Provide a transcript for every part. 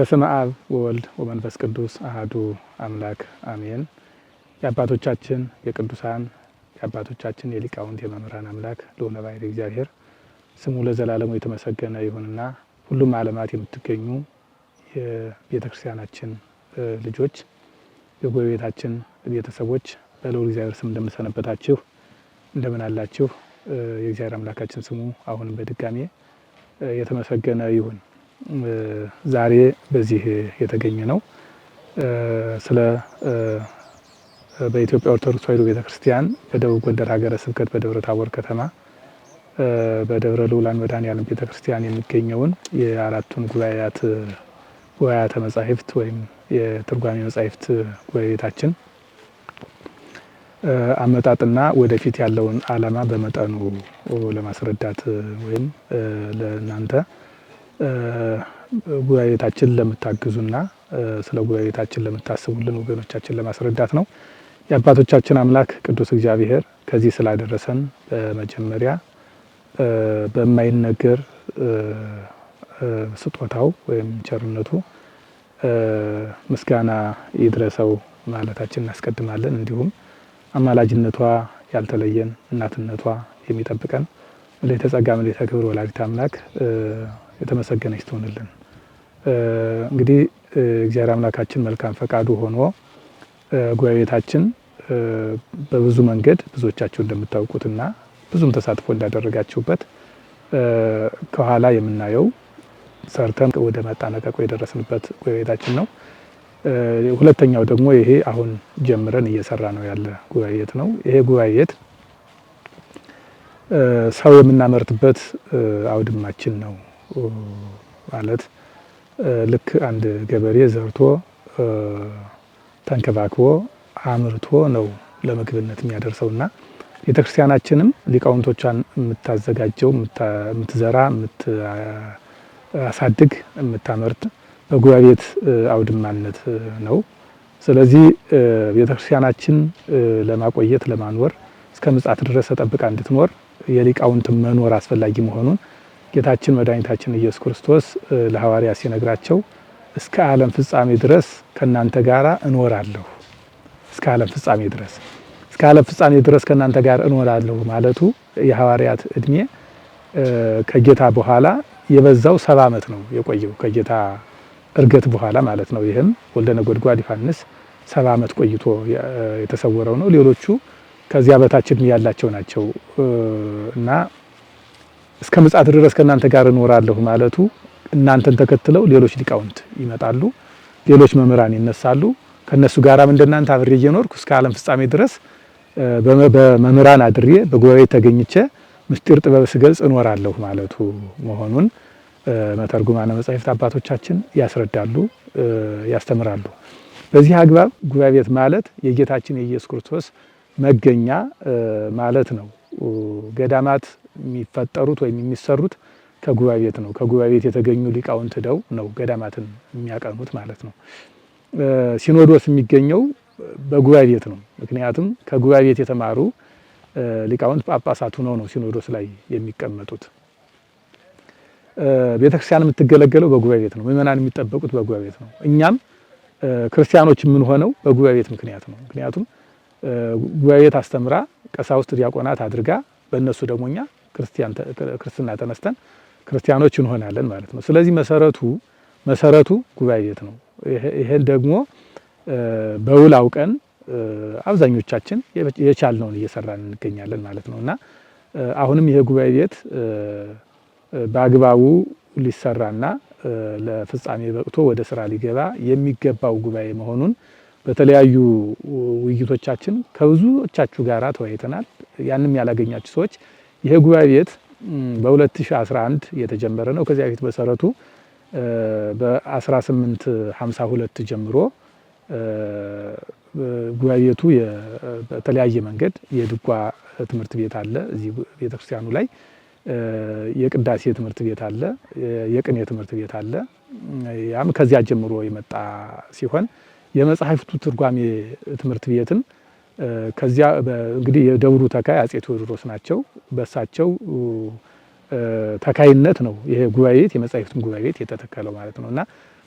በስመ አብ ወወልድ ወመንፈስ ቅዱስ አህዱ አምላክ አሜን። የአባቶቻችን የቅዱሳን የአባቶቻችን የሊቃውንት የመምህራን አምላክ ለሆነ ባሕርይ እግዚአብሔር ስሙ ለዘላለሙ የተመሰገነ ይሁንና ሁሉም ዓለማት የምትገኙ የቤተ ክርስቲያናችን ልጆች የጎረቤታችን ቤተሰቦች በልዑል እግዚአብሔር ስም እንደምሰነበታችሁ እንደምን አላችሁ? የእግዚአብሔር አምላካችን ስሙ አሁንም በድጋሜ የተመሰገነ ይሁን። ዛሬ በዚህ የተገኘ ነው። ስለ በኢትዮጵያ ኦርቶዶክስ ተዋሕዶ ቤተክርስቲያን በደቡብ ጎንደር ሀገረ ስብከት በደብረ ታቦር ከተማ በደብረ ልዑላን መድኃኔዓለም ቤተክርስቲያን የሚገኘውን የአራቱን ጉባኤያት ጉባኤያተ መጻሕፍት ወይም የትርጓሜ መጻሕፍት ጉባኤ አመጣጥና ወደፊት ያለውን ዓላማ በመጠኑ ለማስረዳት ወይም ለእናንተ ጉባኤታችን ለምታግዙና ስለ ጉባኤታችን ለምታስቡልን ወገኖቻችን ለማስረዳት ነው። የአባቶቻችን አምላክ ቅዱስ እግዚአብሔር ከዚህ ስላደረሰን በመጀመሪያ በማይነገር ስጦታው ወይም ቸርነቱ ምስጋና ይድረሰው ማለታችን እናስቀድማለን። እንዲሁም አማላጅነቷ ያልተለየን እናትነቷ የሚጠብቀን ምልዕተ ጸጋ ምልዕተ ክብር ወላዲተ አምላክ የተመሰገነች ትሆንልን። እንግዲህ እግዚአብሔር አምላካችን መልካም ፈቃዱ ሆኖ ጉባኤታችን በብዙ መንገድ ብዙዎቻችሁ እንደምታውቁትና ብዙም ተሳትፎ እንዳደረጋችሁበት ከኋላ የምናየው ሰርተን ወደ መጣነቀቁ የደረስንበት ጉባኤታችን ነው። ሁለተኛው ደግሞ ይሄ አሁን ጀምረን እየሰራ ነው ያለ ጉባኤት ነው። ይሄ ጉባኤት ሰው የምናመርትበት አውድማችን ነው ማለት ልክ አንድ ገበሬ ዘርቶ ተንከባክቦ አምርቶ ነው ለምግብነት የሚያደርሰው እና ቤተ ክርስቲያናችንም ሊቃውንቶቿን የምታዘጋጀው የምትዘራ፣ የምታሳድግ፣ የምታመርት በጉባኤ ቤት አውድማነት ነው። ስለዚህ ቤተ ክርስቲያናችን ለማቆየት ለማኖር እስከ ምጽአት ድረስ ተጠብቃ እንድትኖር የሊቃውንት መኖር አስፈላጊ መሆኑን ጌታችን መድኃኒታችን ኢየሱስ ክርስቶስ ለሐዋርያ ሲነግራቸው እስከ ዓለም ፍጻሜ ድረስ ከእናንተ ጋር እኖራለሁ፣ እስከ ዓለም ፍጻሜ ድረስ እስከ ዓለም ፍጻሜ ድረስ ከእናንተ ጋር እኖራለሁ ማለቱ የሐዋርያት እድሜ ከጌታ በኋላ የበዛው ሰባ ዓመት ነው የቆየው ከጌታ እርገት በኋላ ማለት ነው። ይህም ወልደ ነጎድጓድ ዮሐንስ ሰባ ዓመት ቆይቶ የተሰወረው ነው። ሌሎቹ ከዚያ በታች እድሜ ያላቸው ናቸው እና እስከ ምጻት ድረስ ከእናንተ ጋር እኖራለሁ ማለቱ እናንተን ተከትለው ሌሎች ሊቃውንት ይመጣሉ፣ ሌሎች መምህራን ይነሳሉ። ከነሱ ጋራም እንደናንተ አብሬ እየኖርኩ እስከ ዓለም ፍጻሜ ድረስ በመምህራን አድሬ በጉባኤ ተገኝቼ ምስጢር ጥበብ ስገልጽ እኖራለሁ ማለቱ መሆኑን መተርጉማነ መጻሕፍት አባቶቻችን ያስረዳሉ፣ ያስተምራሉ። በዚህ አግባብ ጉባኤ ቤት ማለት የጌታችን የኢየሱስ ክርስቶስ መገኛ ማለት ነው። ገዳማት የሚፈጠሩት ወይም የሚሰሩት ከጉባኤ ቤት ነው። ከጉባኤ ቤት የተገኙ ሊቃውንት ደው ነው ገዳማትን የሚያቀኑት ማለት ነው። ሲኖዶስ የሚገኘው በጉባኤ ቤት ነው። ምክንያቱም ከጉባኤ ቤት የተማሩ ሊቃውንት ጳጳሳት ሆነው ነው ሲኖዶስ ላይ የሚቀመጡት። ቤተክርስቲያን የምትገለገለው በጉባኤ ቤት ነው። ምእመናን የሚጠበቁት በጉባኤ ቤት ነው። እኛም ክርስቲያኖች የምንሆነው በጉባኤ ቤት ምክንያት ነው። ምክንያቱም ጉባኤ ቤት አስተምራ ቀሳውስት፣ ዲያቆናት አድርጋ በእነሱ ደግሞ እኛ ክርስቲያን ክርስትና ተነስተን ክርስቲያኖች እንሆናለን ማለት ነው። ስለዚህ መሰረቱ መሰረቱ ጉባኤ ቤት ነው። ይሄን ደግሞ በውል አውቀን አብዛኞቻችን የቻልነውን እየሰራን እንገኛለን ማለት ነው እና አሁንም ይሄ ጉባኤ ቤት በአግባቡ ሊሰራና ለፍጻሜ በቅቶ ወደ ስራ ሊገባ የሚገባው ጉባኤ መሆኑን በተለያዩ ውይይቶቻችን ከብዙዎቻችሁ ጋራ ተወያይተናል። ያንም ያላገኛችሁ ሰዎች ይሄ ጉባኤ ቤት በ2011 የተጀመረ ነው። ከዚያ በፊት መሰረቱ በ1852 ጀምሮ ጉባኤ ቤቱ በተለያየ መንገድ የድጓ ትምህርት ቤት አለ። እዚህ ቤተክርስቲያኑ ላይ የቅዳሴ ትምህርት ቤት አለ፣ የቅኔ ትምህርት ቤት አለ። ያም ከዚያ ጀምሮ የመጣ ሲሆን የመጽሐፍቱ ትርጓሜ ትምህርት ቤትን ከዚያ እንግዲህ የደብሩ ተካይ አጼ ቴዎድሮስ ናቸው። በሳቸው ተካይነት ነው ይሄ ጉባኤ ቤት የመጻሕፍትም ጉባኤ ቤት የተተከለው ማለት ነው እና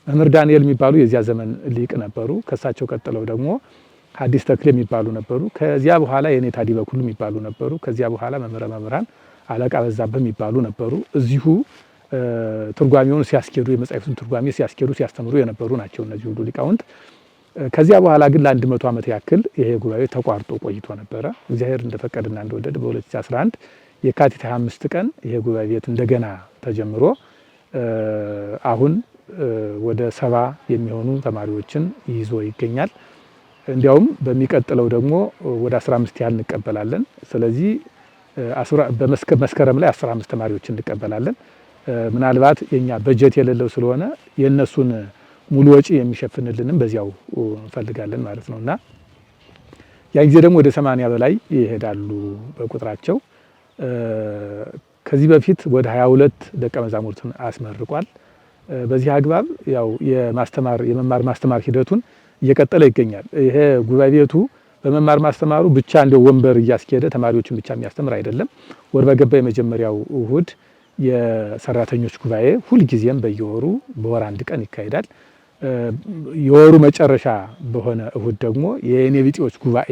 መምህር ዳንኤል የሚባሉ የዚያ ዘመን ሊቅ ነበሩ። ከእሳቸው ቀጥለው ደግሞ ሐዲስ ተክሌ የሚባሉ ነበሩ። ከዚያ በኋላ ታዲ በኩል የሚባሉ ነበሩ። ከዚያ በኋላ መምህረ መምህራን አለቃ በዛብህ የሚባሉ ነበሩ። እዚሁ ትርጓሚውን ሲያስኬዱ የመጻሕፍቱን ትርጓሚ ሲያስኬዱ ሲያስተምሩ የነበሩ ናቸው እነዚህ ሁሉ ሊቃውንት። ከዚያ በኋላ ግን ለአንድ መቶ ዓመት ያክል ይሄ ጉባኤ ተቋርጦ ቆይቶ ነበረ። እግዚአብሔር እንደፈቀደና እንደወደደ በ2011 የካቲት 25 ቀን ይሄ ጉባኤ ቤት እንደገና ተጀምሮ አሁን ወደ ሰባ የሚሆኑ ተማሪዎችን ይዞ ይገኛል። እንዲያውም በሚቀጥለው ደግሞ ወደ 15 ያህል እንቀበላለን። ስለዚህ መስከረም ላይ 15 ተማሪዎች እንቀበላለን። ምናልባት የኛ በጀት የሌለው ስለሆነ የእነሱን ሙሉ ወጪ የሚሸፍንልንም በዚያው እንፈልጋለን ማለት ነው እና ያ ጊዜ ደግሞ ወደ ሰማንያ በላይ ይሄዳሉ በቁጥራቸው። ከዚህ በፊት ወደ 22 ደቀ መዛሙርትን አስመርቋል። በዚህ አግባብ ያው የማስተማር የመማር ማስተማር ሂደቱን እየቀጠለ ይገኛል። ይሄ ጉባኤ ቤቱ በመማር ማስተማሩ ብቻ እንደ ወንበር እያስኬደ ተማሪዎችን ብቻ የሚያስተምር አይደለም። ወር በገባ የመጀመሪያው እሁድ የሰራተኞች ጉባኤ ሁልጊዜም በየወሩ በወር አንድ ቀን ይካሄዳል። የወሩ መጨረሻ በሆነ እሁድ ደግሞ የኔ ቢጤዎች ጉባኤ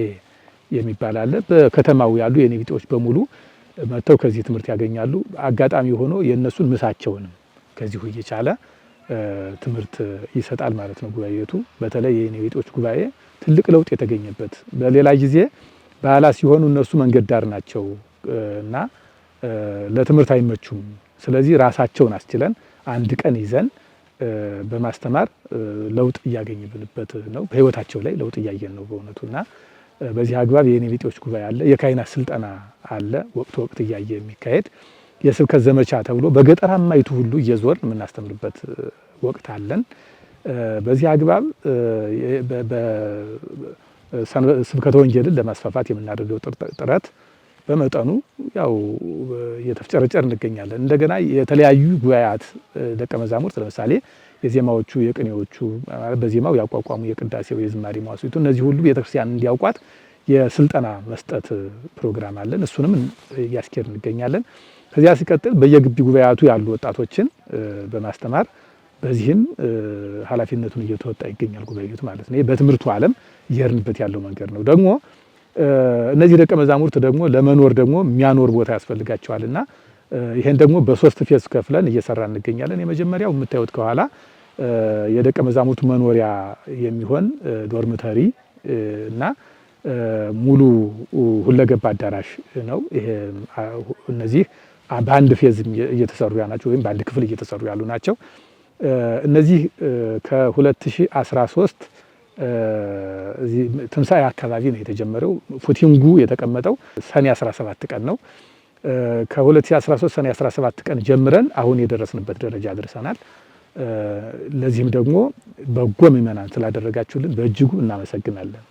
የሚባል አለ። በከተማው ያሉ የኔ ቢጤዎች በሙሉ መጥተው ከዚህ ትምህርት ያገኛሉ። አጋጣሚ ሆኖ የእነሱን ምሳቸውንም ከዚሁ እየቻለ ትምህርት ይሰጣል ማለት ነው። ጉባኤ ቤቱ በተለይ የኔ ቢጤዎች ጉባኤ ትልቅ ለውጥ የተገኘበት በሌላ ጊዜ በዓላት ሲሆኑ እነሱ መንገድ ዳር ናቸው እና ለትምህርት አይመቹም። ስለዚህ ራሳቸውን አስችለን አንድ ቀን ይዘን በማስተማር ለውጥ እያገኝብንበት ነው። በህይወታቸው ላይ ለውጥ እያየን ነው በእውነቱ እና በዚህ አግባብ የኔ ቢጤዎች ጉባኤ አለ፣ የካህናት ስልጠና አለ፣ ወቅት ወቅት እያየ የሚካሄድ የስብከት ዘመቻ ተብሎ በገጠራማይቱ ሁሉ እየዞር የምናስተምርበት ወቅት አለን። በዚህ አግባብ ስብከተ ወንጌልን ለማስፋፋት የምናደርገው ጥረት በመጠኑ ያው እየተፍጨረጨር እንገኛለን። እንደገና የተለያዩ ጉባኤያት ደቀ መዛሙርት ለምሳሌ የዜማዎቹ የቅኔዎቹ በዜማው ያቋቋሙ የቅዳሴው የዝማሬ መዋሥዕቱ እነዚህ ሁሉ ቤተክርስቲያን እንዲያውቋት የስልጠና መስጠት ፕሮግራም አለን። እሱንም እያስኬድ እንገኛለን። ከዚያ ሲቀጥል በየግቢ ጉባኤያቱ ያሉ ወጣቶችን በማስተማር በዚህም ኃላፊነቱን እየተወጣ ይገኛል ጉባኤቱ ማለት ነው። በትምህርቱ ዓለም እየሄድንበት ያለው መንገድ ነው። ደግሞ እነዚህ ደቀ መዛሙርት ደግሞ ለመኖር ደግሞ የሚያኖር ቦታ ያስፈልጋቸዋልና ይሄን ደግሞ በሶስት ፌዝ ከፍለን እየሰራ እንገኛለን። የመጀመሪያው የምታዩት ከኋላ የደቀ መዛሙርቱ መኖሪያ የሚሆን ዶርምተሪ እና ሙሉ ሁለገብ አዳራሽ ነው። ይሄ እነዚህ በአንድ ፌዝ እየተሰሩ ናቸው፣ ወይም በአንድ ክፍል እየተሰሩ ያሉ ናቸው። እነዚህ ከ2013 ትንሣኤ አካባቢ ነው የተጀመረው። ፉቲንጉ የተቀመጠው ሰኔ 17 ቀን ነው። ከ2013 ሰኔ 17 ቀን ጀምረን አሁን የደረስንበት ደረጃ ደርሰናል። ለዚህም ደግሞ በጎ ምእመናን ስላደረጋችሁልን በእጅጉ እናመሰግናለን።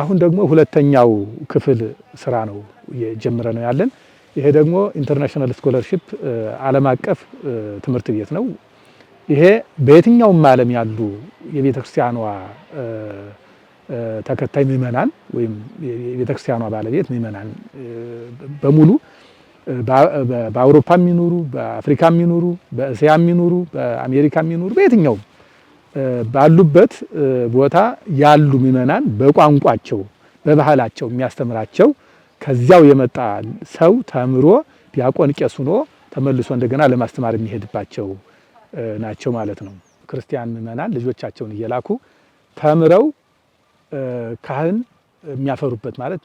አሁን ደግሞ ሁለተኛው ክፍል ስራ ነው የጀምረ ነው ያለን። ይሄ ደግሞ ኢንተርናሽናል ስኮለርሽፕ ዓለም አቀፍ ትምህርት ቤት ነው። ይሄ በየትኛውም ዓለም ያሉ የቤተ ክርስቲያኗ ተከታይ ምእመናን ወይም የቤተክርስቲያኗ ባለቤት ምእመናን በሙሉ በአውሮፓ የሚኖሩ በአፍሪካ የሚኖሩ በእስያ የሚኖሩ በአሜሪካ የሚኖሩ በየትኛውም ባሉበት ቦታ ያሉ ምእመናን በቋንቋቸው በባህላቸው የሚያስተምራቸው ከዚያው የመጣ ሰው ተምሮ ዲያቆን ቄስ ሆኖ ተመልሶ እንደገና ለማስተማር የሚሄድባቸው ናቸው ማለት ነው። ክርስቲያን ምእመናን ልጆቻቸውን እየላኩ ተምረው ካህን የሚያፈሩበት ማለት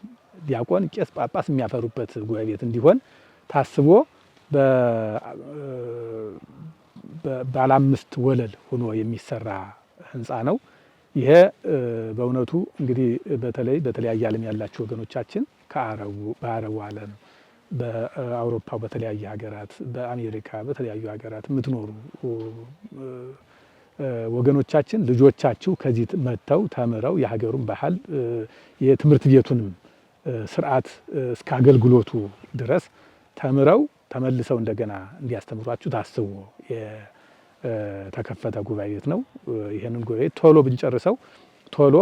ዲያቆን፣ ቄስ፣ ጳጳስ የሚያፈሩበት ጉባኤ ቤት እንዲሆን ታስቦ ባለ አምስት ወለል ሆኖ የሚሰራ ህንፃ ነው። ይሄ በእውነቱ እንግዲህ በተለይ በተለያየ ዓለም ያላችሁ ወገኖቻችን በአረቡ ዓለም በአውሮፓ በተለያየ ሀገራት፣ በአሜሪካ በተለያዩ ሀገራት የምትኖሩ ወገኖቻችን ልጆቻችሁ ከዚህ መጥተው ተምረው የሀገሩን ባህል የትምህርት ቤቱንም ስርዓት እስከ አገልግሎቱ ድረስ ተምረው ተመልሰው እንደገና እንዲያስተምሯችሁ ታስቡ የተከፈተ ጉባኤ ቤት ነው። ይህንን ጉባኤ ቶሎ ብንጨርሰው ቶሎ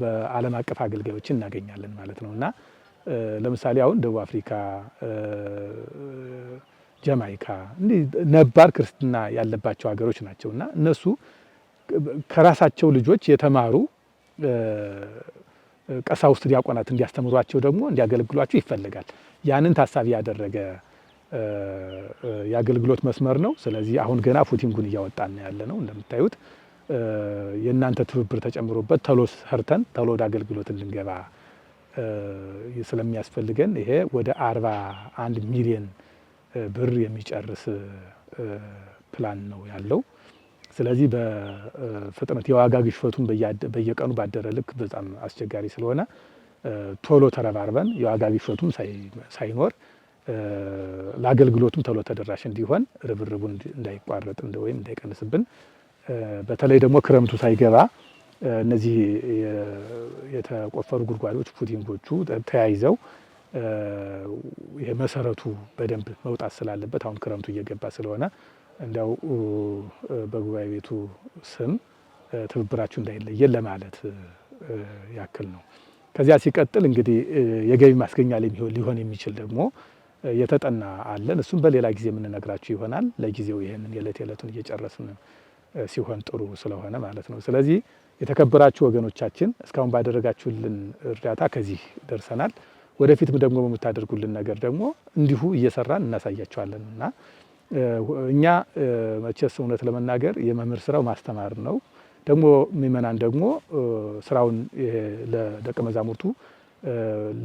በዓለም አቀፍ አገልጋዮች እናገኛለን ማለት ነው እና ለምሳሌ አሁን ደቡብ አፍሪካ ጀማይካ እንዲህ ነባር ክርስትና ያለባቸው ሀገሮች ናቸው እና እነሱ ከራሳቸው ልጆች የተማሩ ቀሳውስት፣ ዲያቆናት እንዲያስተምሯቸው ደግሞ እንዲያገለግሏቸው ይፈልጋል። ያንን ታሳቢ ያደረገ የአገልግሎት መስመር ነው። ስለዚህ አሁን ገና ፉቲንጉን እያወጣን ያለ ነው እንደምታዩት የእናንተ ትብብር ተጨምሮበት ተሎ ሰርተን ተሎ ወደ አገልግሎት እንድንገባ ስለሚያስፈልገን ይሄ ወደ አርባ አንድ ሚሊዮን ብር የሚጨርስ ፕላን ነው ያለው። ስለዚህ በፍጥነት የዋጋ ግሽፈቱን በየቀኑ ባደረ ልክ በጣም አስቸጋሪ ስለሆነ ቶሎ ተረባርበን የዋጋ ግሽፈቱም ሳይኖር ለአገልግሎቱም ቶሎ ተደራሽ እንዲሆን ርብርቡ እንዳይቋረጥ ወይም እንዳይቀንስብን በተለይ ደግሞ ክረምቱ ሳይገባ እነዚህ የተቆፈሩ ጉድጓዶች ፉቲንጎቹ ተያይዘው የመሰረቱ በደንብ መውጣት ስላለበት አሁን ክረምቱ እየገባ ስለሆነ እንዲያው በጉባኤ ቤቱ ስም ትብብራችሁ እንዳይለየን ለማለት ያክል ነው። ከዚያ ሲቀጥል እንግዲህ የገቢ ማስገኛ ሊሆን የሚችል ደግሞ የተጠና አለን። እሱም በሌላ ጊዜ የምንነግራችሁ ይሆናል። ለጊዜው ይህንን የዕለት የዕለቱን እየጨረስን ሲሆን ጥሩ ስለሆነ ማለት ነው። ስለዚህ የተከበራችሁ ወገኖቻችን እስካሁን ባደረጋችሁልን እርዳታ ከዚህ ደርሰናል። ወደፊትም ደግሞ በምታደርጉልን ነገር ደግሞ እንዲሁ እየሰራን እናሳያቸዋለን እና እኛ መቼስ እውነት ለመናገር የመምህር ስራው ማስተማር ነው። ደግሞ ምእመናን ደግሞ ስራውን ለደቀ መዛሙርቱ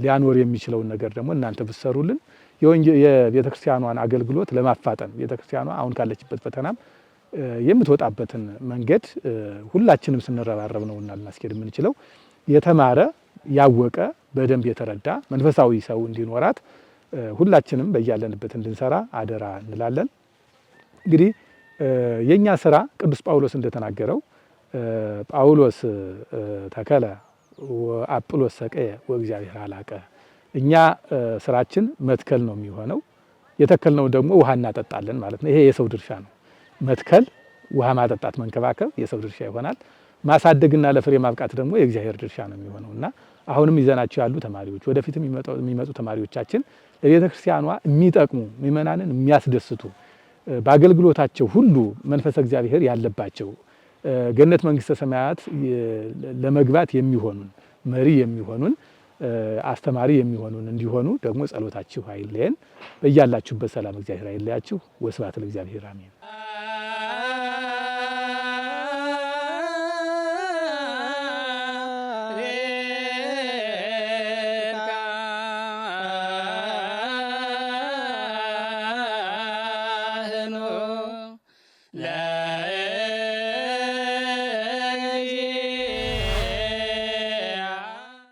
ሊያኖር የሚችለውን ነገር ደግሞ እናንተ ብትሰሩልን የቤተክርስቲያኗን አገልግሎት ለማፋጠን ቤተክርስቲያኗ አሁን ካለችበት ፈተናም የምትወጣበትን መንገድ ሁላችንም ስንረባረብ ነው እና ልናስኬድ የምንችለው የተማረ ያወቀ በደንብ የተረዳ መንፈሳዊ ሰው እንዲኖራት ሁላችንም በያለንበት እንድንሰራ አደራ እንላለን። እንግዲህ የእኛ ስራ ቅዱስ ጳውሎስ እንደተናገረው ጳውሎስ ተከለ አጵሎስ ሰቀየ ወእግዚአብሔር አላቀ። እኛ ስራችን መትከል ነው የሚሆነው። የተከልነው ደግሞ ውሃ እናጠጣለን ማለት ነው። ይሄ የሰው ድርሻ ነው። መትከል፣ ውሃ ማጠጣት፣ መንከባከብ የሰው ድርሻ ይሆናል። ማሳደግና ለፍሬ ማብቃት ደግሞ የእግዚአብሔር ድርሻ ነው የሚሆነው እና አሁንም ይዘናቸው ያሉ ተማሪዎች ወደፊትም የሚመጡ ተማሪዎቻችን ለቤተ ክርስቲያኗ የሚጠቅሙ ምእመናንን የሚያስደስቱ በአገልግሎታቸው ሁሉ መንፈሰ እግዚአብሔር ያለባቸው ገነት መንግስተ ሰማያት ለመግባት የሚሆኑን መሪ የሚሆኑን አስተማሪ የሚሆኑን እንዲሆኑ ደግሞ ጸሎታችሁ አይለየን። በያላችሁበት ሰላም እግዚአብሔር አይለያችሁ። ወስብሐት ለእግዚአብሔር አሜን።